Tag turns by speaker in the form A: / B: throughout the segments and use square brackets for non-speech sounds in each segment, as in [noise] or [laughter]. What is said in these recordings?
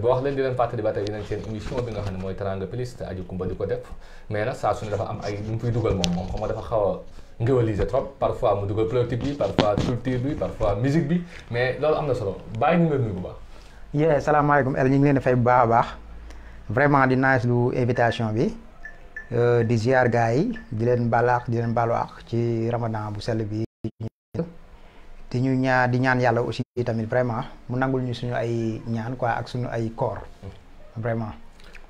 A: boo wax leen di leen fàttali ba tey dinañ seen émission bi nga xam ne mooy Teranga Plus te Aji Kumba di ko def mais nag saa su ne dafa am ay lu mu fiy dugal moom moom xam nga dafa xaw a trop parfois mu dugal politique bi parfois culture bi parfois musique bi mais loolu am na solo bàyyi ñu ngi nuyu bu baax.
B: yee salaamaaleykum El ñu ngi leen di fay bu baax a baax vraiment di nice lu invitation bi euh, di ziar gars yi di leen balaax di leen baluwaax ci ramadan bu sell bi. te ñu ñaa di ñaan yàlla aussi tamit vraiment mu nangul ñu suñu ay ñaan quoi ak suñu ay koor vraiment.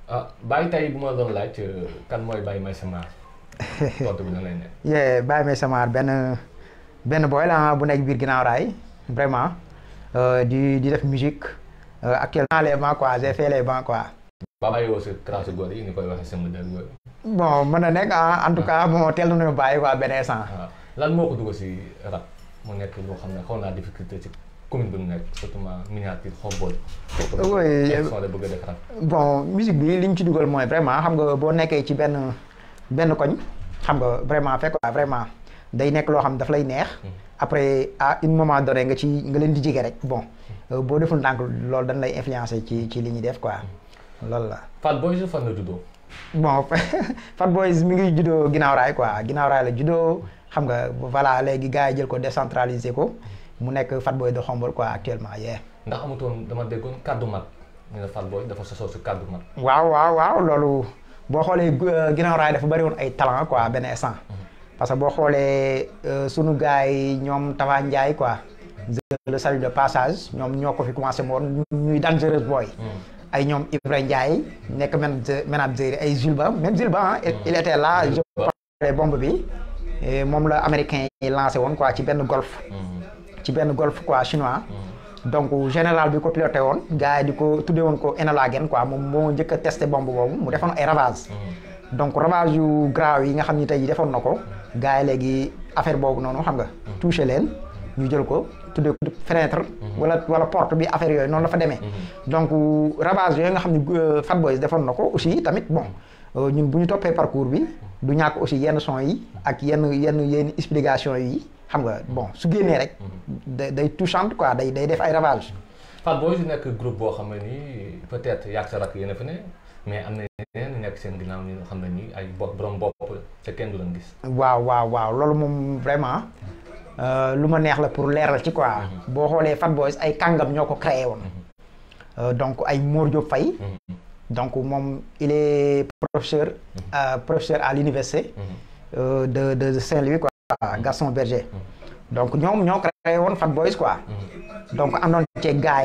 A: ah Baye tey bu ma doon laaj euh, kan mooy Baye Meissa Mar.
B: [laughs] tontu benn benn la bu nekk biir ginnaaw raay vraiment euh, di di def musique euh, actuellement les bancs quoi j'ai fait les bancs quoi.
A: bàyyi woo si trace góor yi ni koy waxee sama dër
B: na nekk ah, en tout ah. cas bon teel nañu bàyyi quoi benn instant. Ah,
A: lan moo ko dugg si rap. mu nekk loo xam ci commune bi mu nekk surtout miniature Xombol. oui euh,
B: bëgg ci dugal mooy xam nga boo nekkee ci benn benn koñ xam nga vraiment fekk vraiment day nekk loo xam daf lay neex. Hmm. après a une moment donné nga ci nga leen di jege rek bon hmm. boo deful ndànk loolu dañ lay influencer ci ci li ñuy def quoi hmm. loolu la.
A: Fat Boys fan la juddoo.
B: bon [laughs] Fat Boys mi ngi juddoo ginnaaw raay quoi ginnaaw raay la juddoo. xam nga voilà léegi gars yi jël ko décentralisé ko mu nekk Fatboy de Khombole quoi actuellement yee.
A: ndax amutoon dama déggoon kaddu mat ñu ne Fatboy dafa sosoo si kaddu
B: waaw waaw waaw loolu boo xoolee euh, ginnaaw raay dafa bëri woon ay talent quoi benn instant. Mhm. parce que boo xoolee euh, sunu gars yi ñoom Tafa Ndiaye quoi. le salut de passage ñoom ñoo ko fi commencé moon ñuy dangereux boy. Mhm. ay ñoom Ibrahima Ndiaye nekk manager ay Zulba même Zulba il mhm. était là je bi. Eh, moom la américain yi lancé woon quoi ci benn golf mm-hmm. ci benn golf quoi chinois mm-hmm. donc général bi ko piloté woon gars yi di ko tuddee woon ko Enola Gane moom moo njëkk a testé bombe boobu mu defoon ay ravage mm-hmm. donc ravage yu grave yi nga xam ni tey defoon na ko gars yi léegi affaire boobu noonu xam nga touché leen ñu jël ko tuddee ko fenêtre wala wala porte bi affaire yooyu noonu la fa demee donc ravage yooyu nga xam ni euh, Fat Boys defoon na ko aussi tamit bon ñun bu ñu toppee parcours bi du ñàkk aussi yenn son yi ak yenn yenn yenn explication yi xam nga bon su génnee rek. day day touchante quoi day day def ay ravage
A: Fat Boys di nekk groupe boo xam ne nii peut-être yàgg sa rakk yéen a fa ne mais am na ñeneen nekk seen ginnaaw ñu xam ne nii ay bopp borom
B: bopp te kenn du leen gis. waaw waaw waaw loolu moom vraiment euh, lu ma neex la pour leeral ci quoi. Mhm. boo xoolee Fat Boys ay kàngam ñoo ko créé woon. Mhm. Euh, donc ay Mor Diop fay mhm. donc il est professeur mhm. euh, à l'université mhm. euh, de Saint-Louis quoi mhm. Berger donc nous avons créé Fat Boys quoi donc nous avons gars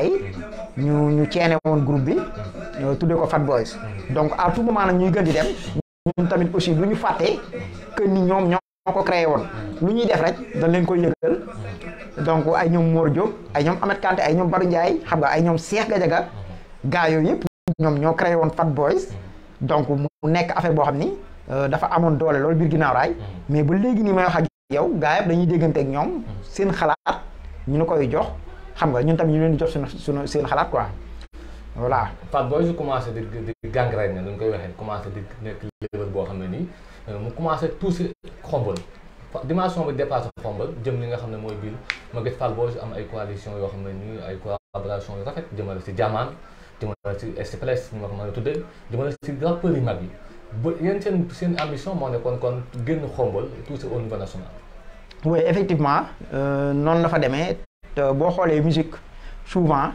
B: nous ñu ñu un groupe bi euh, tous Fat Boys donc à tout moment nous avons créé nous dem aussi Nous faté que nous créé won nous def rek dañ leen donc ay ñom Mor Diop ay ñom Kanté ñoom ñoo créé woon Fat Boys donc mu nekk affaire boo xam ni euh, dafa amoon doole loolu biir ginnaaw raay mais ba léegi nii may wax ak yow gaa yëpp dañuy déggante ak ñoom seen xalaat ñu nu koy jox xam nga ñun tam ñu leen di jox suñu suñu seen xalaat quoi voilà.
A: Fat Boys su commencé di di gangrène na ñu koy waxee commencé di nekk level boo xam ne nii euh, mu commencé touché xombal dimension bi dépassé xombal jëm li nga xam ne mooy biir ma gis Fat Boys am ay coalition yoo xam ne nii ay collaboration yu rafet jëmal si jamaan. Je si a de si ambition au niveau national.
B: oui effectivement euh, non la fa musique souvent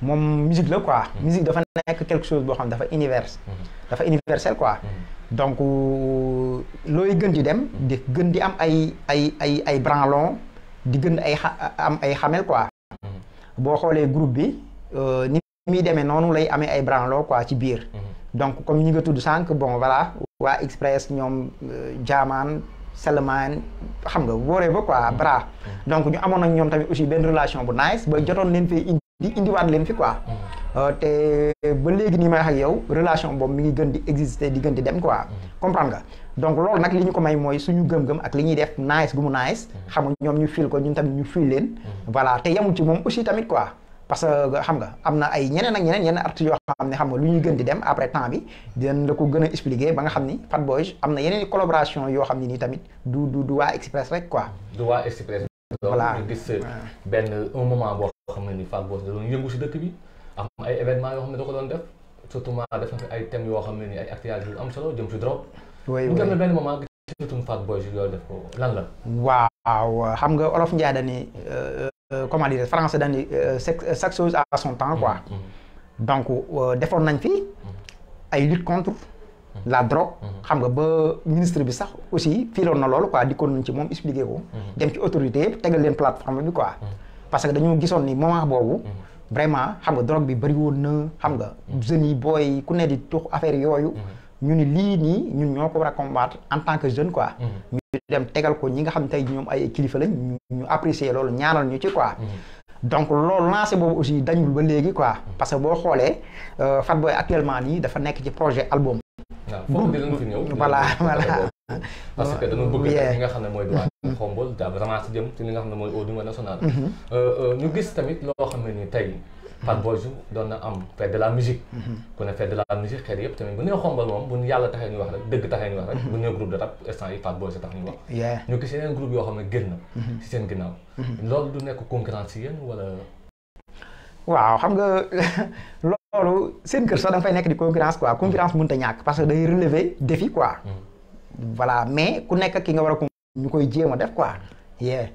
B: mon musique la quoi. Mm. musique quelque chose universel. Mm. universel quoi. donc dem. am quoi. groupe euh, muy demee noonu lay amee ay branlo quoi ci biir mhm. donc comme ñi nga tudd sànq bon voilà waa express ñoom jaamaan euh, Salman xam nga wóoree ba quoi mhm. bra mhm. donc ñu amoon nañ ñoom tamit aussi benn relation bu nice ba jotoon leen fee indi indiwaat leen fi quoi euh, te ba léegi nii may wax ak yow relation boobu mi ngi gën di exister di gën di dem quoi comprendre nga donc loolu nag li ñu ko may mooy suñu gëm-gëm ak li ñuy def nice gu mu nice xam nga ñoom ñu fil ko ñu tamit ñu fil leen voilà te yemul ci moom aussi tamit quoi parce que euh, xam nga am na ay ñeneen ak ñeneen yenn artistes yoo xam ne xam nga lu ñuy gën di dem après temps bi dinañ la ko gën a expliquer ba nga xam ni Fat Boys am na yeneen collaboration yoo xam ne nii tamit du du du waa Express rek quoi.
A: du waa Express. Euh, benn un moment boo xam ne ni Fat Boys da doon yëngu si dëkk bi am ay événements yoo xam ne da ko doon def na fi ay am solo jëm si drogue.
C: oui
B: oui benn xam nga olof Ndiaye dañuy. Euh, comment dire français dañuy chaque chose à son temps quoi. Mm-hmm. donc euh, defoon nañ fi mm-hmm. ay lutte contre. Mm-hmm. la drogue. xam nga ba ministre bi sax aussi filoon na loolu quoi dikkoon nañ ci moom expliqué ko. dem ci autorité yëpp tegal plateforme bi quoi. parce que dañoo gisoon ni moment boobu. vraiment xam nga drogue bi bëri woon na xam nga jeunes yi booy ku ne di tux affaire yooyu ñu ni lii nii ñun ñoo ko combattre en tant que jeune quoi. Mhm. ñu dem tégal ko ñi nga xam tey ñoom ay kilifa lañ ñu apprécier lolu ñaanal ñu ci quoi. Mhm. donc lolu lancé bobu aussi dañul ba légui quoi mhm. parce que boo xoolee euh, Fatboy actuellement ni dafa nekk ci projet album. voilà voilà. parce que dañoo bëgg li nga xam ne mooy doyen
A: xombol daa vraiment si jëm ci li nga xam ne mooy au niveau national. Euh, euh, ñu gis tamit loo xam ne nii Pape Boys doon na am fête de la musique mhm. ku ne fête de la musique xeet yëpp tamit bu nee xombal moom bu yàlla taxee ñuy wax rek dëgg taxee ñuy wax rek mhm. bu nee groupe de rap instant yi Pape Boys tax ñuy wax ñu gis yeneen groupe yoo xam mhm. nekk concurrence si yéen wala
B: waaw xam nga [laughs] loolu seen kër sax da nga fay nekk di concurrence quoi concurrence mënut a ñàkk parce que day relever défi quoi voilà mais ku nekk ki nga war a ñu koy jéem a def quoi
A: yeah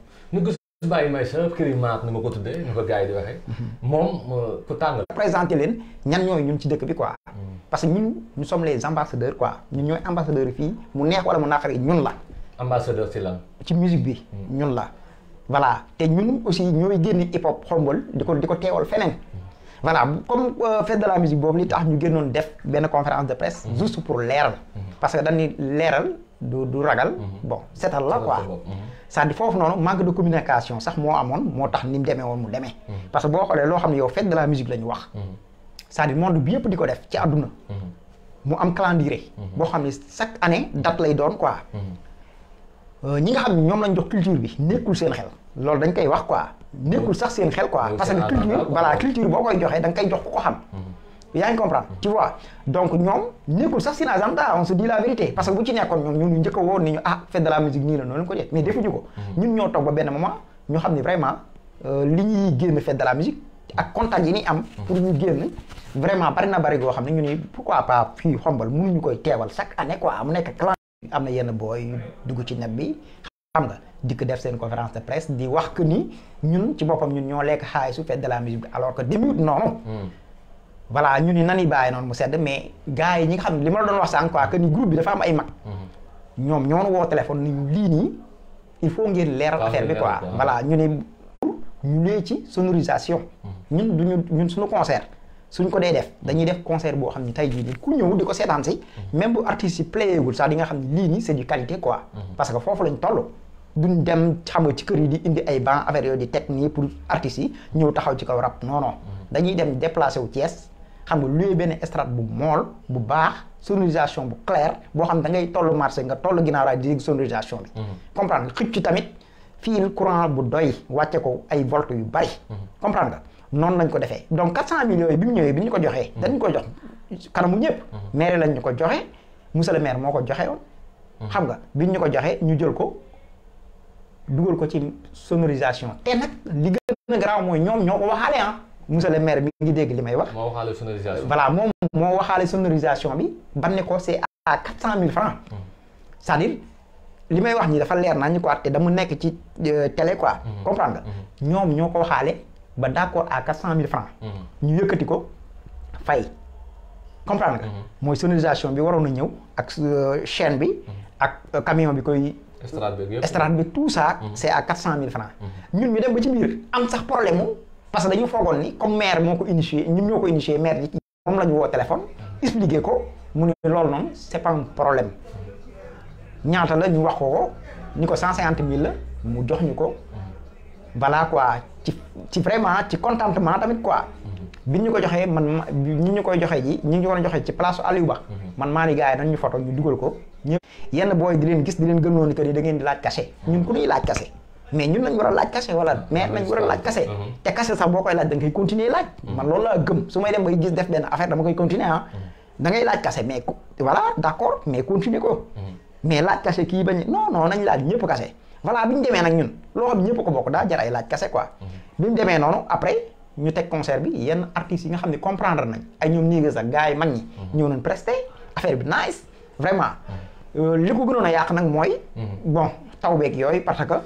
A: Baye Mbaye
B: ma ko tuddee ñu ko gars yi di waxee. moom euh, ku tàng. présenté leen ñan ñooy ñun ci dëkk bi quoi. Hmm. parce que ñun nous sommes les ambassadeurs quoi ñun ñooy ambassadeurs fii mu neex wala mu naqari ñun la.
A: ambassadeur ci la
B: ci musique bi. Hmm. ñun la voilà te ñun aussi ñooy génne hip hop xombol di ko di ko teewal feneen. Hmm. voilà comme euh, fête de la musique boobu li tax ñu génnoon def benn conférence de presse. juste pour leeral. parce que dañuy leeral du du ragal. setal seetal la quoi. ça dit fofu foofu noonu manque de communication sax mo amone moo tax ni mu demee mu démé mmh. parce que bo xolé lo xam yow fête de la musique lañ wax. ça mmh. dit monde bi yëpp diko def ci aduna mmh. mu am calendrier. bo xam chaque année date lay doon quoi. euh ñi nga xam ñom lañ jox culture bi nekkul seen xel. lool dañ koy wax quoi nekkul sax seen xel quoi. parce que culture voilà culture boo koy joxee da koy jox ku ko xam. yaa ngi comprendre mm-hmm. tu vois donc ñoom nekkul sax seen agenda on se dit la vérité parce que bu ci nekkoon ñoom ñun ñu njëkk a woon ni ñu ah fête de la musique nii la noonu ko def ko mm-hmm. ñun ñoo toog ba benn moment ñu xam ne vraiment euh, li ñuy génn fête de la musique yi ni am mm-hmm. pour ñu génn vraiment bari na bari goo xam ne ñu ne pourquoi pas fii xombal mënuñu koy teewal chaque année quoi mu nekk clan am na yenn booy dugg ci net bi xam nga dikk def seen conférence de presse di wax que ni ñun ci boppam ñun ñoo lekk su fête de la musique alors que demut noonu mm. voilà ñu ni nan yi bàyyi noonu mu sedd mais gars yi ñi nga xam li ma la doon wax sànq quoi que ni groupe bi dafa am ay mag.
C: Mhm.
B: ñoom ñoo woo téléphone ni ñu lii nii il faut ngeen leeral affaire bi quoi voilà ñu ne ci sonorisation. Mhm. ñun du ñu ñun suñu concert. suñ ko dee def dañuy def concert boo xam ne tey jii nii ku ñëw di ko seetaan si. Mhm. même bu artistes yi playéegul sax di nga xam ne lii nii c'est di qualité quoi. parce que foofu lañu toll. duñ dem xam ci kër yi di indi ay banc affaire yooyu di teg nii pour artistes yi ñëw taxaw ci kaw rab non dañuy dem déplacé wu Thiès. xam nga luy benn estrade bu mool bu baax sonorisation bu claire boo xam da ngay toll marché nga toll ginnaaw raay di sonorisation bi. Mhm. comprendre nga xëcc tamit fil courant bu doy wàcce ko ay volts yu bari. Mhm. comprendre noonu lañ ko defee donc 400 millions yi bi mu ñëwee bi ñu ko joxee. Mhm. dañ ko jox kanamu ñëpp. maire lañ ñu ko joxe monsieur le maire moo ko joxe woon. xam nga bi ñu ko joxee ñu jël ko dugal ko ci sonorisation te nag li gën a mooy ñoom ñoo ko waxaale ah. monsieur le maire mi ngi dégg li may wax. moo waxaale sonorisation voilà moom moo waxaale sonorisation bi. ban ne ko c'est à quatre cent mille francs. cest à li may wax nii dafa leer naa ñu ko te dama nekk ci euh, télé quoi. comprendre nga ñoom ñoo ko waxaale ba d'accord à quatre cent mille francs. ñu yëkkati ko fay. comprendre nga. mooy sonorisation bi waroon na ñëw ak euh, chaine bi. ak euh, camion bi koy. estrade bi tout ça. c'est à quatre cent mille francs. ñun ñu dem ba ci biir am sax problème parce que dañu foogoon ni comme maire moo ko initié ñun ñoo ko initié maire ji moom la ñu téléphone expliqué ko mu ne loolu noonu c'est pas un problème ñaata la ñu wax ko ko ni ko cent cinquante la mu jox ñu ko voilà quoi ci ci vraiment ci contentement tamit quoi bi ñu ko joxee man ñi ñu koy joxe ji ñi ñu ko joxee ci place Aliou Ba man maa ni gars yi ñu photo ñu dugal ko ñëpp yenn booy di leen gis di leen gëmloo ni que ni di laaj cachet ñun ku ñuy laaj kase mais ñun nañ war a laaj kase wala maire nañ war a laaj kase te kase sax boo laaj da nga koy continuer laaj mhm. man loolu laa gëm su may dem bay gis def benn affaire dama koy continuer ah mhm. da ngay laaj kase mais voilà d'accord mais continuer ko mhm. mais laaj kase kii bañ non non nañ laaj ñëpp kase voilà bi ñu demee nag ñun loo ñëpp ko bokk daa jar ay laaj kase quoi bi ñu demee noonu après ñu teg concert bi yenn artistes yi nga xam ne comprendre nañ ay ñoom ñii nga sax gars yi mag ñi ñëw nañ presté affaire bi nice vraiment euh, li ko gënoon a yàq nag mooy bon taw beeg yooyu parce que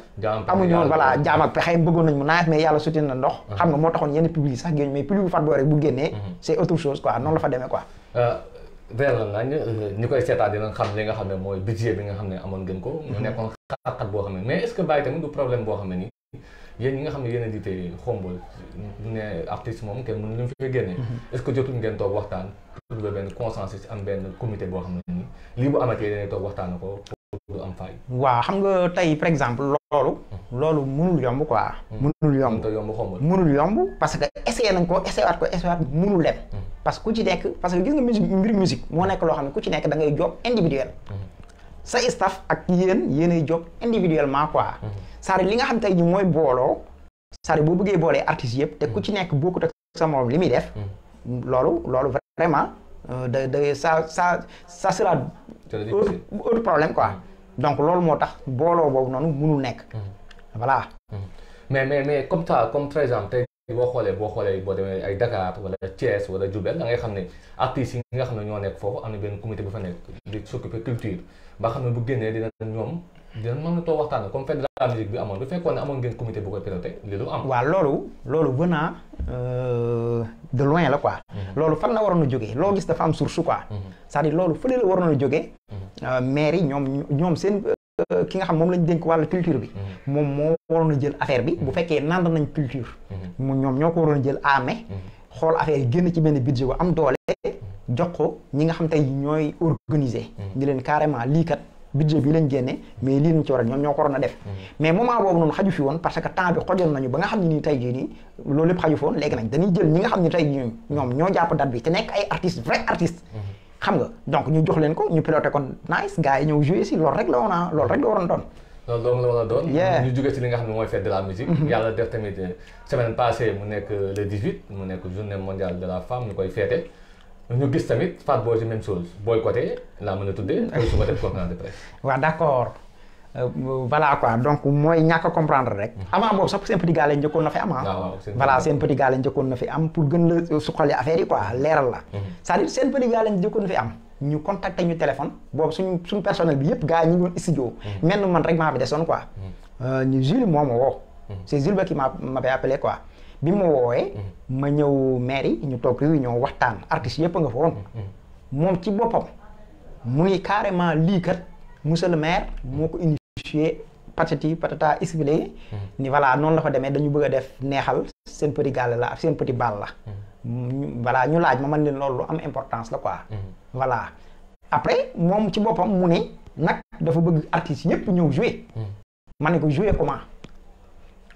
A: amuñu woon voilà
B: jaam ak uh-huh. xam nga moo taxoon yenn public sax génn mais public bu fat boo rek bu génnee uh-huh. c'est autre chose quoi noonu la fa demee quoi
A: euh, euh, bi nga xam ne amoon ngeen ko uh-huh. nekkoon xat-xat boo xam ne mais est-ce que bàyyi tamit du problème boo xam ne nii yéen ñi nga xam ne yéen a jiite xombol ne artiste moom kenn mënu ñu fi génne est-ce que jotul ngeen toog waxtaan trouver benn consensus am benn comité boo xam
B: waaw xam nga tey par exemple loolu loolu mënul yomb quoi mënul yomb mënul yomb parce que essayé nañ ko essayé waat ko essayé waat mënul dem parce que ku ci nekk parce que gis nga musique mbir musique moo nekk loo xam ne ku ci nekk da ngay job individuel sa staff ak yéen yéenay job individuellement quoi c'est-à-dire li nga xam tey ji mooy booloo cest boo bëggee boolee artistes yëpp te ku mm. ci nekk bokkut ak sa moom li muy def mm. loolu loolu vraiment day euh, day ça ça ça sera autre problème quoi donc loolu moo tax booloo boobu noonu mënul nekk mm-hmm. voilà mm-hmm.
A: mais mais mais comme ça comme par exemple tey boo xoolee boo xoolee boo demee ay Dakar wala Thiès wala Diourbel da ngay xam ne artistes yi nga xam ne ñoo nekk foofu am na benn comité bu fa nekk di s'occuper culture ba xam ne bu génnee dina ñoom dinañ mënatoo waxtaan comme fête de la musique bi amoon bu fekkoon ne amoon ngeen comité bu koy piloté li eh? du
B: am. waaw loolu loolu venant eh, de loin la quoi. Mhm. loolu fan la waroon a jógee loo gis dafa am source quoi. Mhm. c'est-à-dire loolu fële la waroon a jógee. Mhm. Eh, maire yi ñoom ñoom seen. ki nga xam moom lañ dénk wàllu culture bi moom moo waroon a jël affaire bi bu fekkee nand nañ culture mu ñoom ñoo ko waroon a jël ame xool affaire yi génn ci benn budget bu am doole jox ko ñi nga xam tey ñooy organiser. di leen carrément lii budget bi lañ génne mais lii lañ ci war ñoom ñoo ko waroon a def mm-hmm. mais boobu noonu xaju fi woon parce que temps bi xojoon nañu ba nga xam ne nii te mm-hmm. ñu jox leen ko ñu piloté kon nice gars yi ñëw si a loolu rek la waroon
A: doon li nga xam ne mooy fête de la musique mm-hmm. yàlla def tamit euh, semaine passée mu nekk le 18 mu nekk journée mondiale de la femme ñu koy fêté ñu gis tamit Fat Boy c'est même chose boycotté la mën a tuddee. ak su ma def conférence de presse.
B: waaw d' accord ehm, voilà quoi donc mooy ñàkk comprendre rek. avant boobu sax seen petit gars lañ njëkkoon na fi am ah. voilà seen petit gars lañ njëkkoon na fi am pour gën la suqali affaire yi quoi leeral la. Mm-hmm. c'est-à-dire seen petit gars lañ njëkkoon fi am. ñu contacté ñu téléphone boobu suñu suñu personnel bi yëpp gars yi ñu ngi woon studio. mel man rek maa fi desoon quoi. ñu mm-hmm. euh, Jules moom moo woo. Mm-hmm. c' est Jules ba qui m' avait appelé quoi. bi ma woowee. ma ñëw mairie ñu toog réunion waxtaan artistes yëpp nga fa moom ci boppam mu ni carrément lii kat monsieur le maire moo ko initié patati patata expliqué ni voilà noonu la fa demee dañu bëgg a def neexal seen petit gàll la seen petit bal la. voilà ñu laaj ma man leen loolu lu am importance la ko voilà après moom ci boppam mu ne nag dafa bëgg artistes yëpp ñëw jouer. ma ne ko jouer comment.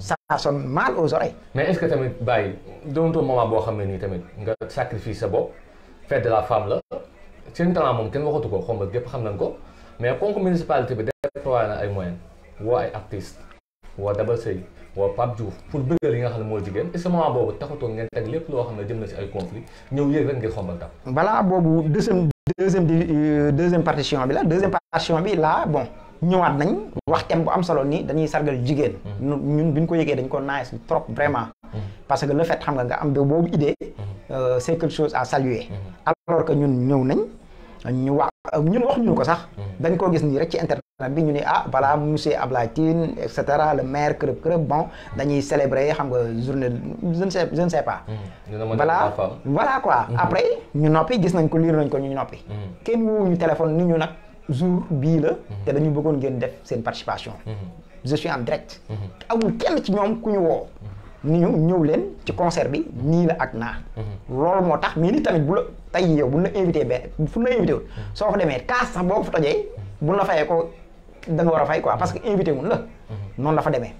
B: ça sonne mal aux oreilles.
A: mais est-ce que tamit Baye doonatoo moment boo xam ne nii tamit nga sacrifice sa bopp fête la fem la seen talent moom kenn waxatu ko xomba gépp xam nañ ko mais kooku municipalité bi déployé na ay moyens woo ay artistes woo Daba Seye woo Pape Diouf pour bëggal yi nga xam ne moo jigéen est-ce boobu taxutoo ngeen teg lépp loo xam ne jëm na si ay conflit ñëw yéeg rek ngir xombal tam.
B: balaa boobu deuxième deuxième euh, deuxième partition bi la deuxième partition bi la bon. ñëwaat nañ wax thème bu am solo nii dañuy sargal jigéen mm-hmm. ñun bi ñu ko yëgee dañ ko nice trop vraiment mm-hmm. parce que le fait xam nga nga am ba boobu idée mm-hmm. euh, c'est quelque chose à saluer alors que ñun ñëw nañ ñu wax ñun wax ñu ko sax dañ koo gis nii rek ci internet bi ñu ne ah voilà monsieur Ablaye Tine et cetera le maire kërëb kërëb bon dañuy célébrer xam nga journée je ne sais je ne sais pas voilà walaa quoi après ñu noppi gis nañ ko liir nañ ko ñu noppi kenn woowu ñu téléphone ni ñu nag jour bii la. Mhm. te dañu bëggoon ngeen def seen participation. Mhm. je suis en direct. Mhm. amul kenn ci ñoom ku ñu woo. ni ñu ñëw leen ci concert bi nii la ak naa. loolu moo tax mais ni tamit bu la tey yow bu la invité benn fu la invité soo ko demee kaas sax boo fa bu buñ la fayee ko da nga war a fay quoi parce que invité wuñ la. noonu la fa demee.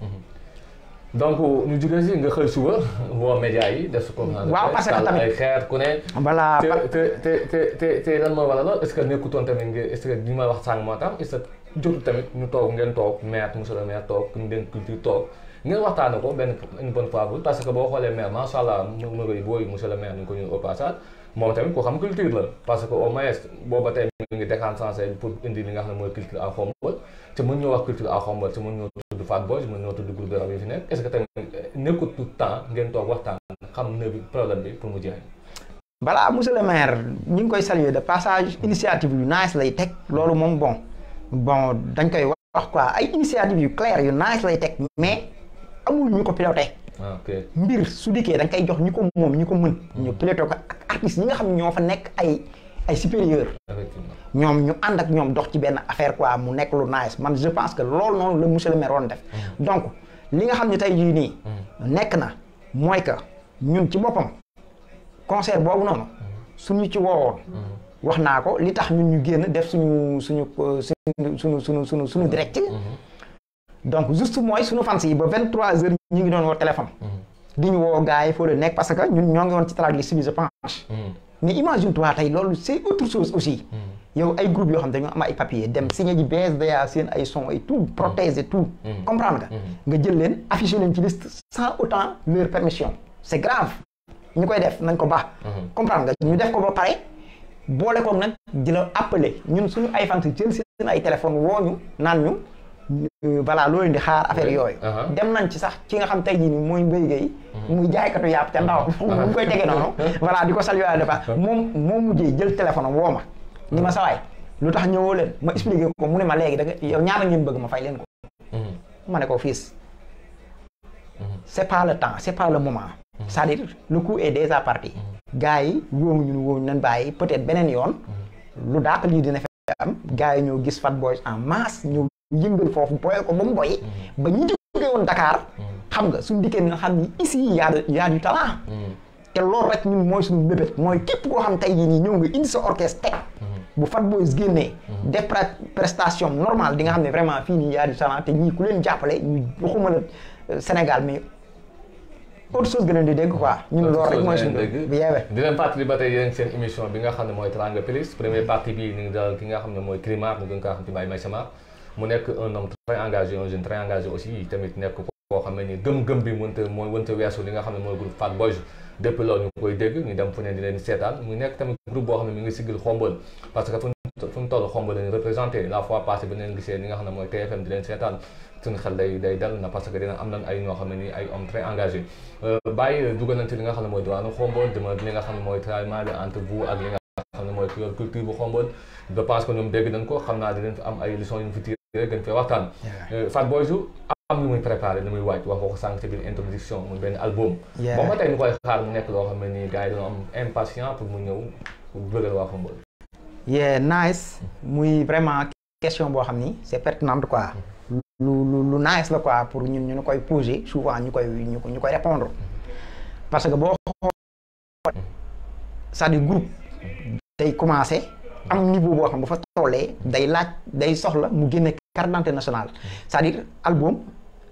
A: donc ñu jugee si nga xëy suba woo média yi def su ko. waaw parce que xeer ku ne. voilà te te te te te lan moo waral est ce nekkutoon tamit nga wax sànq moo tax tamit ñu toog ngeen toog maire monsieur le maire toog ngeen culture toog. ngeen waxtaane ko benn une bonne fois parce que boo xoolee maire macha allah ma rëy booy monsieur le maire ñu ngi ko ñëw au passage moom tamit ko xam culture la parce que au moins booba tey mi ngi décante sensé pour indi li nga xam ne mooy culture en forme te mën ñoo wax culture à xomba te mën ñoo tudd Fat Boys mën ñoo tudd groupe de yi fi nekk est-ce que tout eh, temps ngeen toog waxtaan xam ne problème bi pour mu jeex.
B: balaa monsieur le maire ñu ngi koy saluer de passage initiative yu nice lay teg loolu moom bon bon dañ koy wax quoi ay initiative yu claire yu nice lay teg mais amul ñu ko piloté. Ah, mbir su dikkee dañ koy jox ñi ko moom ñu ko mën. ñu piloté ko ak artistes nga xam ñoo fa nekk ay. ay supérieur ñu and ak ñom dox ci affaire quoi mu nek lu nice man je pense que lool non le monsieur le maire nous def mm. donc li nga xamni tay tey jii mm. na moy que ñun ci bopam concert bobu non mm. suñu ci wax li tax ñun ñu génn def suñu suñu suñu suñu suñu mm-hmm. donc juste moy suñu fans yi ba 23 trois ñi ngi téléphone Nous avons des gars parce que ñun ñoo ngi won ci je pense mais imagine toi tey loolu c'est autre chose aussi. Hmm. yow ay groupe yoo xam ne dañoo am ay papier dem hmm. si nga ji BSDA seen ay son ay tout hmm. protéger tout. comprendre nga. nga jël leen affiché leen ci liste sans autant leur permission c'est grave. ñu koy def nañ ko baax. comprendre nga ñu def ko ba pare boole koog nag di apple appeler ñun suñu ay fans jël seen ay téléphone woo ñu naan ñu. Euh, voilà loolu di xaar affaire yooyu. Uh-huh. dem nañ ci sax ki nga xam tey jii nii mooy Mbaye Gueye. Uh-huh. muy jaaykatu yàpp ca ndaw uh-huh. [laughs] mu koy tege noonu. voilà di ko salué à la moom moo mujjee jël téléphone am woo ma. ni ma sawaay lu tax ñëwoo leen ma expliqué ko mu ne ma léegi da nga yow ñaata ngeen bëgg ma fay leen ko. ma ne ko fiis c'est pas le temps c'est pas le moment. c'est-à-dire le coup est déjà parti. gars yi wóomuñu wóomuñu nañ bàyyi peut-être beneen yoon. lu dàq lii yi ñoo gis Fat Boys en masse ñëw yëngal foofu boyal ko ba mu boy mm-hmm. ba ñu jóge woon Dakar mm-hmm. xam nga suñu dikkee nga xam ni ici y a y a du talent mm-hmm. te loolu rek ñun mooy suñu bébét mooy képp koo xam tey jii nii ñëw nga indi sa orchestre bu Fat Boys génnee def prestation normale di nga xam ne vraiment fii nii y a du talent te ñii ku leen jàppale ñu waxuma la euh, Sénégal mais autre chose gën di dégg quoi ñun loolu rek mooy suñu dégg yeewe
A: di leen fàttali ba tey yéen seen émission bi nga xam ne mooy Teranga Plus première partie bi ñu ngi dalal ki nga xam ne mooy Climar ñu gën kaa xam ci Baye Maïsama mu nekk un homme très engagé un jeune très engagé aussi tamit nekk koo xam ne ni gëm-gëm bi mënta mooy mënta weesu li nga xam ne mooy groupe Fat Boys depuis loolu ñu koy dégg ñu dem fu ne di leen seetaan mu nekk tamit groupe boo xam ne mi ngi sigil xombal parce que fu ñu toll xombal leen représenté la fois passée bi leen gisee li nga xam ne mooy TFM di leen seetaan suñu xel day day dal na parce que dina am nañ ay ñoo xam ne ni ay homme très engagé euh, bàyyi dugal nañ ci li nga xam ne mooy diwaanu xombal dama li nga xam ne mooy traitement bi entre vous ak li nga xam ne mooy culture bu xombal je pense que ñoom dégg nañ ko xam naa dinañ fi am ay leçons yu ñu fi rek gën fee waxtaan euh, Fat Boys am lu muy préparé lu waaj wax nga ko sànq ci biir introduction muy benn album ba ma tey ñu koy xaar mu nekk loo xam ne nii gars yi impatient pour mu ñëw pour bëggal waa Khombole
B: yeah nice muy vraiment question boo xam ni c'est pertinente quoi lu lu lu nice la quoi pour ñun ñu koy poser souvent ñu koy ñu ñu koy répondre parce que boo xoolee c'est-à-dire groupe day carte d'identité nationale c'est-à-dire album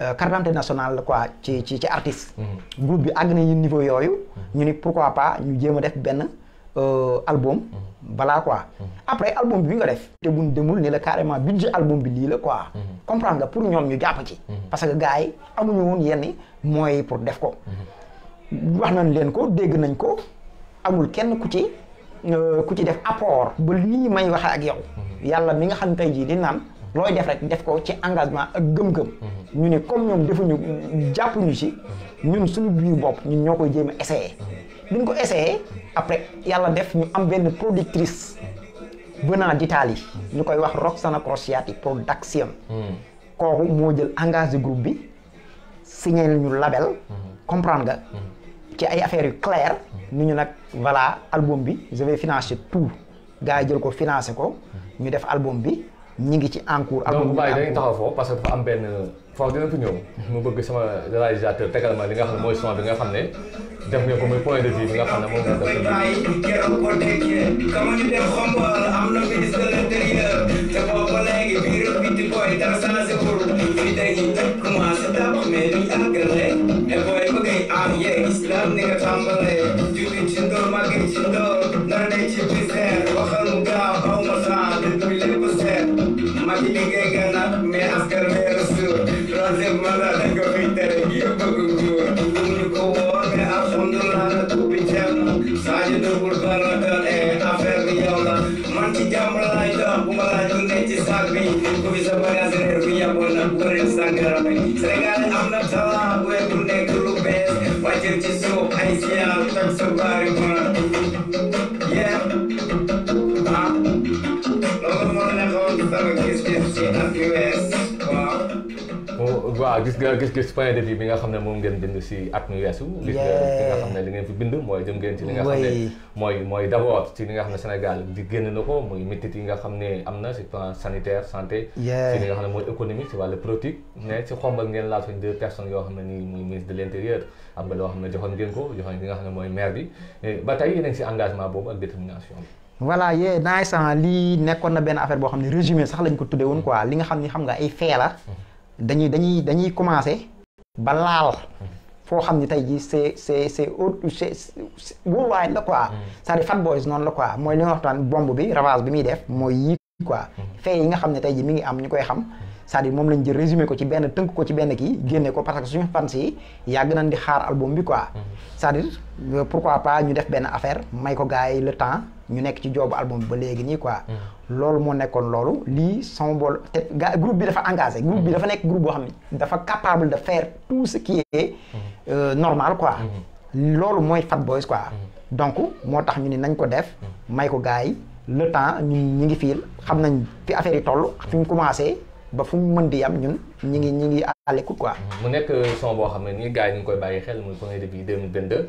B: euh, carte d'identité nationale la quoi ci ci ci artiste mm-hmm. groupe bi àgg nañu niveau yooyu mm-hmm. ñu ni pourquoi pas ñu jéem a def benn euh, album balaa mm-hmm. quoi après album bi bi nga def te buñ demul ni la carrément budget album bi lii la quoi comprendre nga pour ñoom ñu jàpp ci parce que gars yi amuñu woon yenn mooy pour def ko wax nañ leen ko dégg nañ ko amul kenn ku ci euh, ku ci def apport ba lii may waxee ak yow yàlla mi nga xam tey jii di naan looy def rek def ko ci engagement ak gëm-gëm. Mhm. ñu ne comme ñoom defuñu jàppuñu ci ñun suñu biir bopp ñun ñoo koy jéem a essayé. Mhm. ko essayé après yàlla def ñu am benn productrice venant d'Italie ñu koy wax Roxana Crociati production. Mhm. kooku moo jël engagé groupe bi signé ñu label. comprendre nga. ci ay affaires yu claires. ni ñu nag voilà album bi je finance financer tout gars jël ko financer ko ñu def album bi. ñi ngi ci en cours. donc Baye dañuy taxaw
A: foofu parce que dafa am benn foofu dina fi ñëw. mu bëgg sama réalisateur tegal ma li nga xam ne mooy son bi nga xam ne def nga ko muy point de vue bi nga xam ne moom la def.
C: am na ministre de l'intérieur
B: te boobu ba léegi biir bi di booy dara changé pour fii tey jii ñëpp commencé tàpp mais duñ àggale te booy bëgg am yee islam ni nga tàmbalee julli ci ndoor màgg ci ndoor nar nañ ci bis masih malah juga pintar gitu bergumur Tunggu kuat ya afundulana tu bincang Saja tu berbara dan eh affair biola Manci jam melai dah pumalai tu neci sakri Ku bisa bayar sendiri ya bola kurir sanggar Seringkali amnab salah gue
A: waaw gis nga gis-gis point de vue bi nga xam ne moom ngeen bind si at mi weesu gis nga nga xam ne li ngeen fi bind mooy jëm ngeen ci li nga xam ne mooy mooy d'abord ci li nga xam ne Sénégal di génn na ko muy métit yi nga xam ne am na si plan sanitaire santé ci li nga xam ne mooy économie si wàllu politique mais si xombal ngeen laal suñ deux personnes yoo xam ne nii muy ministre de l'intérieur am nga loo xam ne joxoon ngeen ko joxoon li nga xam ne mooy maire bi ba tey yéen a ngi si engagement boobu ak détermination bi
B: voilà yee naaj sànq lii nekkoon na benn affaire boo xam ne résumé sax lañ ko tuddee woon quoi li nga xam ni xam nga ay fee la dañuy dañuy dañuy commencé ba laal foo xam ni tey jii c'est c'est c'est autre c'est worldwide la quoi mm. c'est-à-dire Fat Boys noonu la quoi mooy li nga waxtaan bombe bi ravage bi muy def mooy yi quoi mm. fee yi nga xam ne tey jii mi ngi am ñu koy xam cest à moom lañ jël résumé ko ci benn tënk ko ci benn kii génne ko parce que su fans yi yàgg nañ di xaar album bi quoi mm. c'est-à-dire euh, pourquoi par ñu def benn affaire may ko gars yi le temps ñu nekk ci joobu album ba léegi nii quoi. Hmm. loolu moo nekkoon loolu lii sama bool te gaa groupe bi dafa engagé. groupe bi hmm. dafa nekk groupe boo xam ne dafa capable de faire tout ce qui est hmm. euh, normal quoi. loolu mooy Fat Boys quoi. donc moo tax ñu ni nañ ko def. may ko gars yi le temps ñun ñu ngi fii xam nañ fi affaire yi toll. fi mu commencé ba fu mu di am ñun ñu ngi ñu ngi à l'écoute quoi.
A: mu nekk son boo xam ne nii gars yi ñu ngi koy bàyyi xel muy premier début 2022.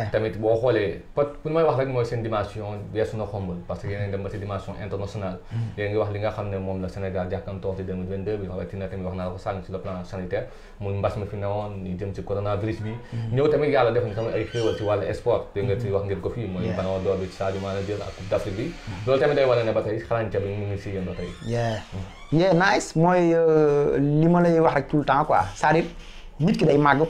A: Eh. tamit boo xoolee pot pour may wax rek mooy seen dimension weesu na xombal parce que yéen dem ba ci dimension internationale mm. yéen wax li nga xam ne moom la Sénégal jàkkantoor ci 2022 bi rawatina tamit mbas mi fi newoon ñu jëm ci coronavirus bi mm. ñëw tamit yàlla def nga mm. ko fii mooy Ballon d'Or bi ci Sadio Mané jël ak Coupe bi loolu tamit day wane ne ba tey xarañca bi ngi si yéen ba
B: tey nice mooy euh, li ma lay wax rek tout le temps quoi cest ki day màgg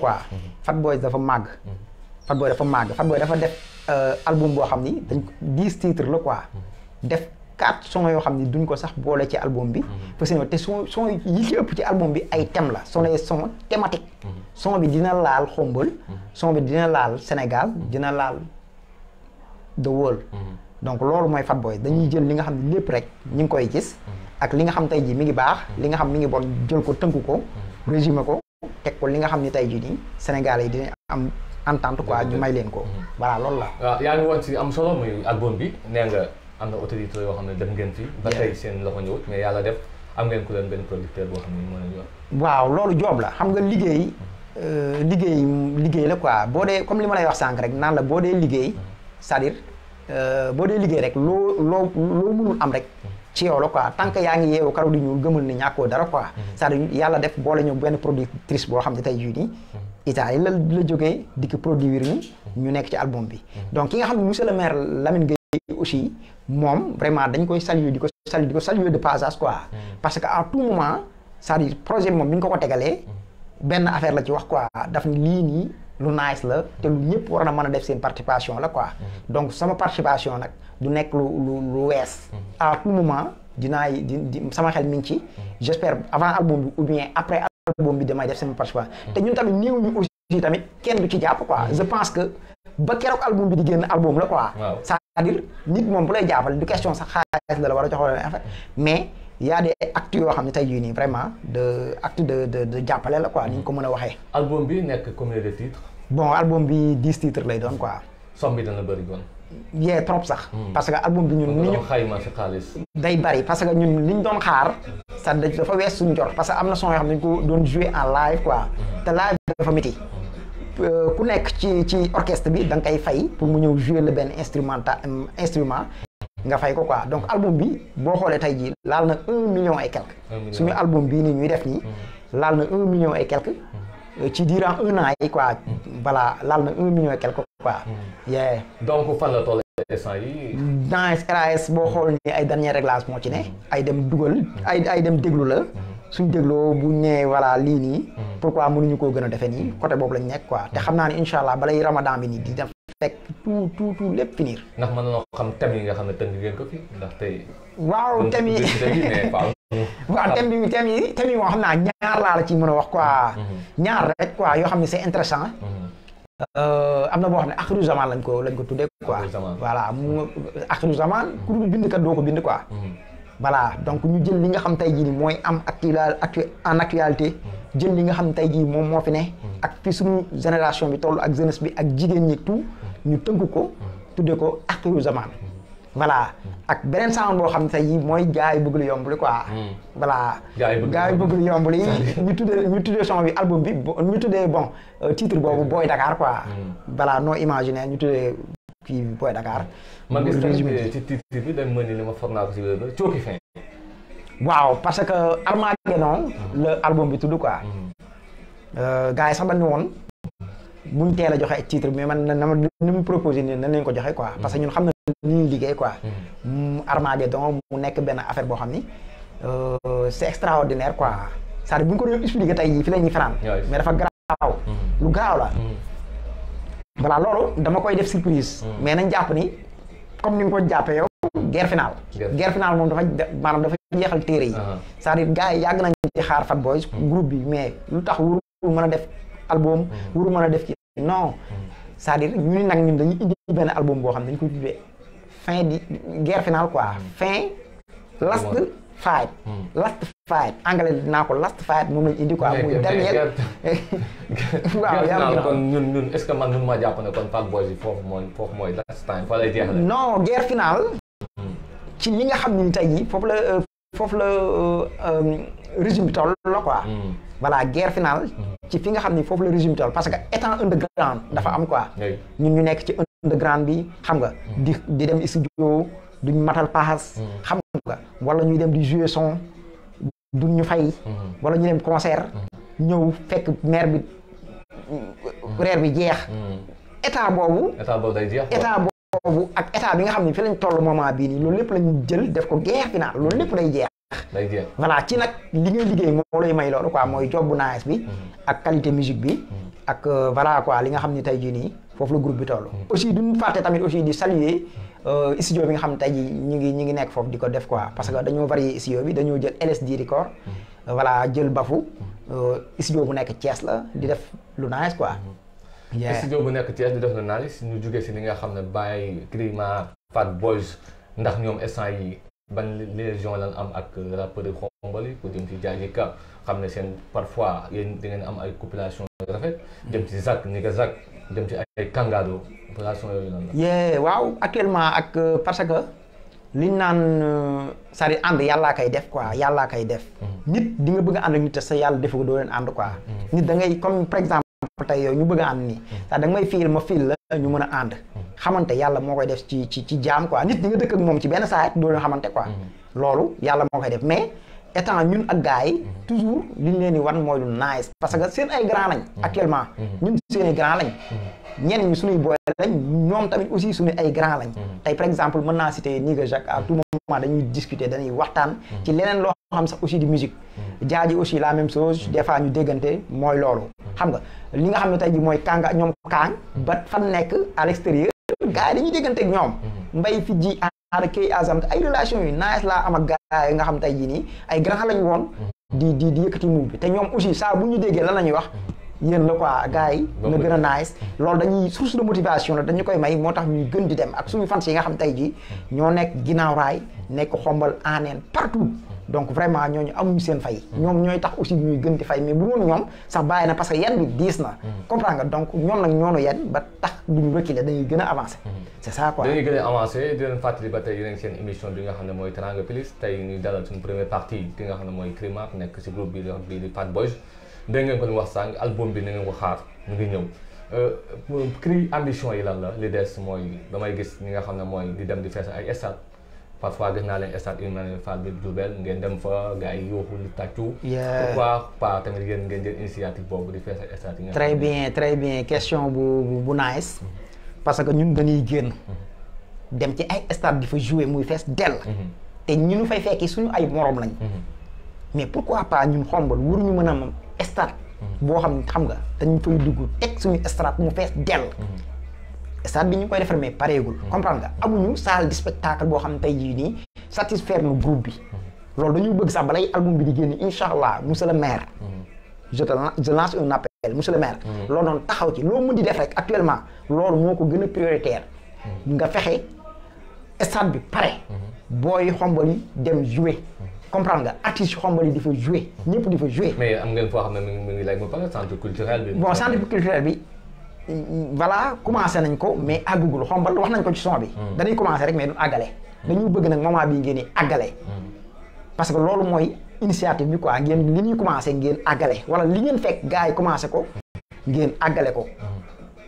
B: Fat Boy dafa màgg Fat Boy dafa def euh, album boo xam ni dañ dix titres la quoi mm-hmm. def quatre sons yoo xam ni duñ ko sax boole ci album bi mm-hmm. parce que te son soo yi ci ëpp ci album bi ay tem la son les son thématique mm-hmm. son bi dina laal xombal son bi dina laal Sénégal dina laal the world donc loolu mooy Fat Boy dañuy jël li nga xam ne lépp rek ñu ngi koy gis ak li nga xam tey ji mi ngi baax li nga xam mu ngi bon jël ko tënk ko résumé ko teg ko li nga xam ni tey ji nii Sénégal yi dinañ am entente quoi ñu may leen ko. Mhm. voilà loolu la.
A: waaw yaa ngi woon ci am solo muy album bi nee nga am na autorité yoo xam ne dem ngeen ci. ba tey seen loxo ñëwut mais yàlla def am ngeen ku leen benn producteur boo xam ne
C: moo
B: waaw loolu joob la xam nga liggéey. Mhm. Euh, liggéey liggéey la quoi boo dee comme li ma lay wax sànq rek naan la boo dee liggéey mhm. cest à euh, boo dee liggéey rek loo loo loo mënul am rek ci yow la que yaa ngi yeewu karaw di ñuul gëmal ni ñàkkoo dara quoi cest yàlla def boole ñëw benn productrice boo xam ne tey jii nii Isa lan la jógee di ko produire ñu nekk ci album bi donc ki nga xam ne monsieur le maire Lamine Gueye aussi moom vraiment dañ koy saluer di ko saluer di ko saluer de passage quoi parce que à tout moment c'est-à-dire projet bi moom bi ñu ko ko tegalee benn affaire la ci wax quoi daf ni lii nii lu nice la te lu ñëpp war na mën a def seen participation la quoi donc sama participation nag du nekk lu lu lu wees à tout moment dinaa di sama xel mi ngi ci j'espère avant album album bi damay def parce participa te ñun tamit néew ñu aussi tamit kenn du ci jàpp quoi je pense que ba keroog album bi di génn album la quoi cest à nit moom bu lay jàppale du question sax xaalis la la war a jox mais y a des yoo xam ne tey jii nii vraiment de acte de jàppale la quoi ni ñu ko mën a waxee
A: album bi nekk combien de titres
B: bon album bi dix titres lay doon quoi somme bi dana bëri woon yee trop sax. Hmm. parce que album bi ñun. ni ñu xayma fi xaalis. day bari parce que ñun ñu doon xaar. sa dafa wees suñ jor parce que am na son yoo xam ne dañ ko doon jouer en live quoi. Hmm. te live dafa miti. Euh, ku nekk ci ci orchestre bi da nga fay pour mu ñëw jouer le benn instrumental euh, instrument. nga fay ko quoi donc album bi boo xoolee tey jii laal na un million et quelque. suñu album bii nii ñuy def nii. Hmm. laal na un million et quelque. Euh, ci durant un an yi quoi. voilà laal na un million et quelque quoi. Mm.
A: yee donc fan la toll instant yi.
B: dans RAS boo mm. xool ni ay dernier réglage moo ci ne. Mm. ay dem dugal ay ay dem déglu la. suñ dégloo bu ñëwee voilà lii nii. mu mënuñu koo gën a defee nii côté boobu lañ nekk quoi te xam naa ne incha allah balay ramadan bi nii di dem. fekk tout tout tout lépp finir.
A: ndax mën nañoo xam thème yi nga xam ne tënk ngeen ko fi ndax tey.
B: [laughs] waaw thème moo xam naa ñaar laa la ci mën a wax quoi. Mm-hmm. ñaar rek quoi yoo xam ne c'est intéressant mm-hmm. Euh, am na boo xam ne axiru zaman lañ ko lañ ko tuddee quoi voilà mu axiru zaman ku dul bind kat doo ko bind ko mhm. voilà donc ñu jël li nga xam tey jii ni mooy am ak actu en actualité mhm. jël li nga xam tey jii moom moo fi ne mhm. ak fi suñu génération bi toll ak jeunesse bi ak jigéen ñi tout ñu tënk ko tuddee ko axiru zaman voilà ak beneen sound boo xam ne tey mooy gars yi bëgg lu yomb li quoi. Hmm. voilà gars yi bëgg lu yomb li ñu tuddee ñu tuddee son bi album bi ñu tuddee bon euh, titre boobu Boy Dakar quoi. Hmm. voilà non imaginaire ñu tuddee kii Boy Dakar. man gis tamit ci titre bi dañ mën ni li ma foog naa ko si wér cooki waaw parce que Armageddon hmm. la album bi tudd quoi. Euh, gars yi sax dañu buñ teel a joxe ay mais man na ma ni mu proposé nii nan lañ ko joxe quoi. Mm-hmm. parce que ñun xam na ni ñuy liggéey quoi. mu mm-hmm. mm, Armageddon mu nekk benn affaire boo xam ni euh, c'est extraordinaire quoi c'est-à-dire bu ñu ko doon tey jii fi la ñuy fanaan. mais dafa garaaw.
C: Mm-hmm. lu garaaw la.
B: voilà loolu dama koy def surprise. mais nañ jàpp ni comme ni nga jàppee yow. guerre finale. guerre finale moom dafa maanaam dafa jeexal téere yi. Uh-huh. cest à yàgg nañ ci xaar Fat Boys. groupe bi mais lu tax wul mën a def. album. Mm-hmm. wuru mën a def ci non. Mm-hmm. c'est-à-dire ñu ni nag ñun dañuy indi benn album boo xam ne dañu koy tuddee fin di guerre finale quoi. Mm-hmm. fin last fight. last fight anglais dinaa ko last fight moom lañu indi quoi. muy dernier
A: [laughs] waaw yaa ce que man mën maa jàpp ne kon Fall Boys yi foofu mooy foofu mooy last time fa
B: guerre finale. ci li nga xam ne tey foofu la. Euh, foofu la euh, euh, régime bi toll la quoi. Hmm. voilà guerre finale. Hmm. ci fi nga xam ni foofu la régime toll parce que étant underground dafa am quoi. ñu ñu nekk ci underground bi xam nga. Hmm. di di dem studio duñ matal paas. xam nga wala ñuy dem di jouer son ñu fay. wala ñu dem concert. ñëw fekk maire bi reer bi jeex. état boobu. état
A: boobu
B: boobu ak état bi nga xam ne fi lañ toll moment bii nii loolu lépp lañ jël def ko guerre finale loolu lépp day jeex voilà ci nag li ngay liggéey moo lay may loolu ko mooy job bu nice bi mm-hmm. ak qualité musique bi mm-hmm. ak euh, voilà quoi li nga xam ni tey jii nii foofu la groupe bi toll mm-hmm. aussi duñ fàtte tamit aussi di saluer euh, studio bi nga xam ne tey jii ñu ngi ñu ngi nekk foofu di ko def ko parce que dañoo varié studio bi dañoo jël LSD record euh, voilà jël bafu studio bu nekk Thiès la di def lu nice quoi
C: Yeah. studio
A: bu nekk Thiès di def journaliste ñu jógee si Krima Fat Boys ndax ñoom instant ban lan am ak rappeur yi xombal yi ku jëm si Diadji Ka xam parfois ngeen am ay compilation rafet jëm ci Zack ni nga Zack jëm ci ay Kangado lan
B: actuellement ak parce que liñ euh, sari ànd yàllaa kay def quoi yàllaa kay def. Mm. nit di nga bëgg a nit te sa yàlla defoo doo leen quoi. Mm. nit da ngay comme par exemple. tey ñu bëgg a am ni sax da may fiil ma fiil la ñu mën a ànd hmm. xamante yàlla moo koy def ci ci ci jaam quoi nit ñi nga dëkk ak moom ci benn saa doo leen xamante quoi hmm. loolu yàlla moo koy def mais étant ñun ak gars yi hmm. toujours li ñu leen di wan mooy lu nice parce que seen ay grand lañ actuellement ñun seen ay grand lañ ñenn ñi suñuy booy aussi suñu ay grand lañ tey par exemple mën naa citer Niga Jacques à tout moment dañuy discuter dañuy waxtaan ci leneen loo xam sax aussi di musique jaaji aussi la même chose des fois ñu déggante mooy loolu xam nga li nga xam ne tey ji mooy kànga ñoom kaang hmm. ba fan nekk à l'extérieur gars yi dañuy déggante ak ñoom hmm. mbay fi ji aara kay azam ay relation yu nice laa am ak gars yi nga xam tey ji nii ay grand lañ woon hmm. di di di yëkkati move bi te ñoom aussi saa bu ñu déggee lan la ñuy wax yéen la quoi gars yi na gën a nice loolu dañuy suuf su de motivation la dañu koy may moo tax ñuy gën di dem ak suñu fans yi nga xam tey ji ñoo nekk ginnaaw nekk xombal aneen partout donc vraiment ñoo ñooñu amuñu seen fay. ñom ñoy tax aussi ñuy gën di fay mais bu doon ñom sax bàyyi na parce que yan bi diis na. Mm. comprends nga donc ñom nak ñono nu ba tax duñu reculer dañuy gën a avancer. Mm. c'est ça quoi dañuy gën a
A: avancer di leen fatali ba tey yéen seen émission bi nga xam moy mooy Teranga Plus tay ñuy dalal suñu première partie ki nga xam moy mooy nek ci groupe bi di Fat Boys dégg ngeen ko wax sang album bi na ngeen ko xaar mu ngi euh cri ambition yi lan la li des mooy damay gis ñi nga xam moy di dem di fess ay stade parfois gis naa leen stade Ibrahima Fall bi Diourbel ngeen dem fa gars yi yuuxu li tàccu. pourquoi pas initiative boobu di feesal stade yi. très
B: bien question bu bu nice mm-hmm. parce que ñun dañuy génn. Mm-hmm. dem ci ay stade di fa jouer muy fees dell. Mm-hmm. te ñu nu fay fekki suñu ay morom lañ. mais pourquoi pas ñun xombal waruñu mën a am stade. boo xam ne xam nga dañu fay dugg teg suñu stade mu fees dell. stade bi ñu koy defar mais pareegul. Hmm. comprendre nga amuñu salle de spectacle boo xam tey jii nii satisfaire nu groupe bi. loolu dañu bëgg sax balay album bi di génn incha allah monsieur le maire. Hmm. je te je lance un appel monsieur le maire. Hmm. loolu noonu taxaw ci loo mën di def rek actuellement loolu moo ko gën a prioritaire. nga fexe stade bi pare. booy xombal yi dem jouer. comprendre nga artistes yu xombal yi di fa jouer. ñëpp di fa jouer. mais am
A: ngeen foo xam ne mu ngi lay ma pare centre culturel bi. bon centre
B: culturel bi. voilà commencé nañ ko mais àggugul xombal wax nañ ko ci son bi. Hmm. dañuy commencé rek mais du àggale. Hmm. dañu bëgg nag moment bii ngeen di àggale. Hmm. parce que loolu mooy initiative bi quoi ngeen li ñuy commencé ngeen àggale wala li ngeen fekk gars yi commencé ko. ngeen àggale ko.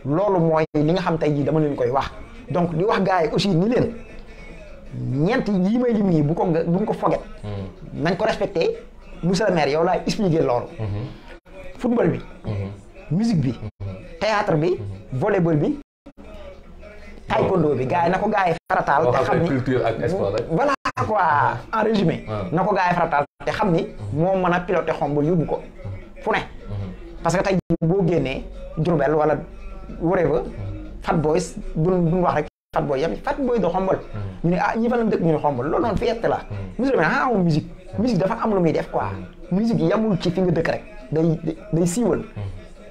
B: loolu mooy li nga xam tey jii dama leen koy wax donc di wax gars yi aussi ni leen ñeent yi may nii bu ko bu nga ko foget. nañ ko respecté monsieur le yow laay expliqué loolu. football bi. musique bi théâtre bi volleyball bi taekwondo bi gars yi na ko gars yi farataal te xam ni culture ak sport voilà te xam ni mhm. moo mën a piloté xombul yóbbu ko fu mhm. parce que tey boo génnee Diourbel wala whatever mhm. Fat Boys duñ duñ wax rek Fat Boys yam Fat Boys de xombal ñu ne ah, ñi fa la dëkk ñu ne xombal loolu noonu fiette la musique bi ah dafa am lu muy def quoi musique yamul ci fi nga dëkk rek day day siiwal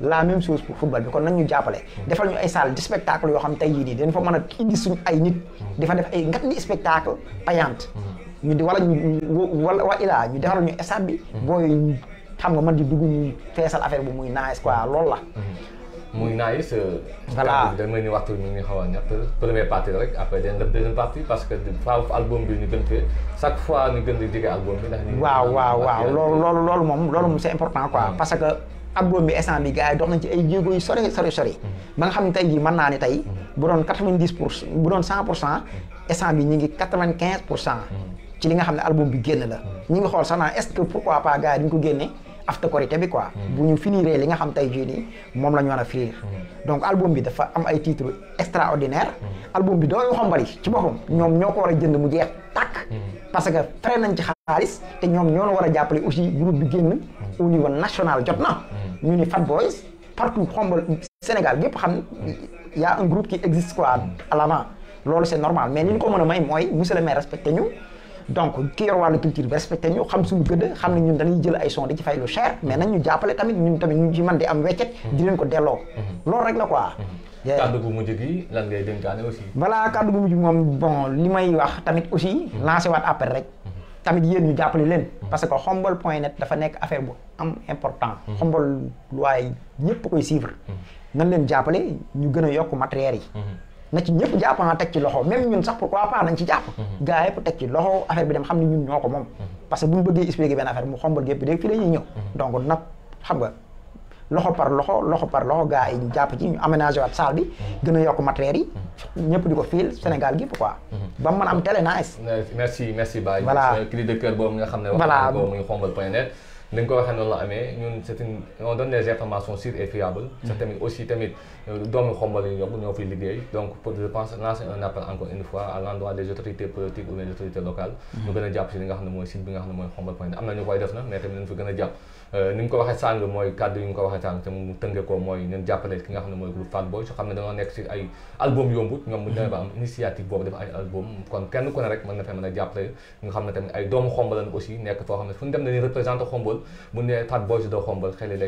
B: la même chose pour football bi kon nañ ñu jàppale defal ñu ay salle de spectacle yoo xam tey jii nii dañ fa mën a indi suñu ay nit di fa ngat ni spectacle payante ñu wa ilaa ñu defaral ñu stade bi booy xam nga man di dugg ñu feesal affaire bu muy nice quoi loolu la
A: muy nice euh, voilà da may ni waxtu ñu ngi xaw a ñett première partie rek après dañ def deuxième partie parce que faaw album bi ñu gën fee chaque fois ñu gën di jege album bi ndax
B: waaw waaw waaw loolu moom loolu moom c'est important abdoom bi instant bi gars yi dox nañ ci ay jéego yu sori sori sori ba xam ne tey jii mën naa ne tey bu doon quatre vingt dix pour bu doon cent pour cent ngi quatre vingt quinze pour cent hmm. ci li nga xam ne album bi génn la hmm. ñu ngi xool sax naan est que pourquoi pas gars yi dañ ko génne after korité bi quoi. Hmm. bu ñu finiree li nga xam tey jii moom la ñu war a finir. Hmm. donc album bi dafa am ay titre extraordinaire. Hmm. album bi doo xam bari ci boppam ñoom ñoo ko war a jënd mu jeex tàkk. parce que fere nañ ci xaalis te ñoom ñoo la war a jàppale aussi groupe bi génn au niveau national jot na. ñu ni Fat Boys partout xombal Sénégal gépp xam yaa a un groupe qui existe quoi à l'avant loolu c'est normal mais ni ñu ko mën a may mooy monsieur le maire respecté ñu. donc ki yor wàllu culture bi respecté ñu xam suñu gëdd xam ne ñun dañuy jël ay son di ci fay lu cher mais nañ ñu jàppale tamit ñun tamit ñu ci mën di mm-hmm. loolu rek la quoi
A: mm-hmm. kàddu bu aussi
B: voilà kàddu bu mujj moom may wax tamit aussi mm-hmm. lancé waat appel rek tamit yéen ñu jàppale leen parce que xombol point net dafa nekk affaire bu am important xombol waaye ñëpp koy suivre nan leen jàppale ñu gën a yokk matériel yi na ci ñëpp jàpp na teg ci loxo même ñun sax pourquoi pas nañ ci jàpp mhm. gars yëpp teg ci loxo affaire bi dem xam ne ñun ñoo ko moom mhm. parce que bu ñu bëggee expliquer benn affaire mhm. nag xam nga loxo par loxo loxo par loxo gars yi ñu jàpp ci ñu aménagé waat salle bi gën a yokk matériel yi ñëpp di ko fiil Sénégal gi quoi ba mën a am télé nice
A: merci merci boobu nga xam ne wax muy xombal point net ni nga ko waxee noonu la amee ñun c'est une on donne des informations sûres mm-hmm. tamit aussi tamit euh, doomu xombal yi ñoo fiy liggéey donc pour je pense lancer un appel encore une fois à l'endroit des autorités politiques ou des autorités locales. Mm-hmm. ñu gën a jàpp si nga xam ne mooy site bi nga xam ne mooy xombal point am na ñu koy def na mais tamit nañu fi gën a jàpp. ni mu ko waxee sàng mooy kàddu yi mu ko waxee sàng te mu tënge ko mooy nañ jàppale ki nga xam ne mooy groupe Fat Boy su xam ne dañoo nekk si ay album yombut kon kenn ku ne rek mën na fee mën a jàppale nga xam ne tamit ay doomu xombal lañ aussi nekk foo xam ne fu ñu dem dañuy représenté xombal bu ne Fat Boy si doo xombal xel yi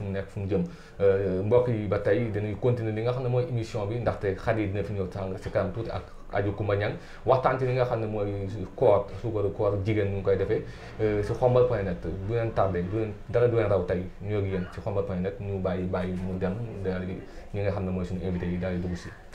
A: mu nekk fu mu jëm euh, mbokk yi ba tey dañuy continuer li nga xam ne mooy émission bi ndaxte xar yi dina fi ñëw sàng si kanam tuuti ak aju Kumba Ñang waxtaan ci li nga xam ne mooy koor suukaru koor jigéen ñu ngi koy defee euh, si xombal point net bu leen tardé du leen dara du leen raw tey ñu
C: yooyu yéen ci xombal point net ñu bàyyi bàyyi mu dem daal di ñi nga xam ne mooy suñu invité yi daal yi dugg si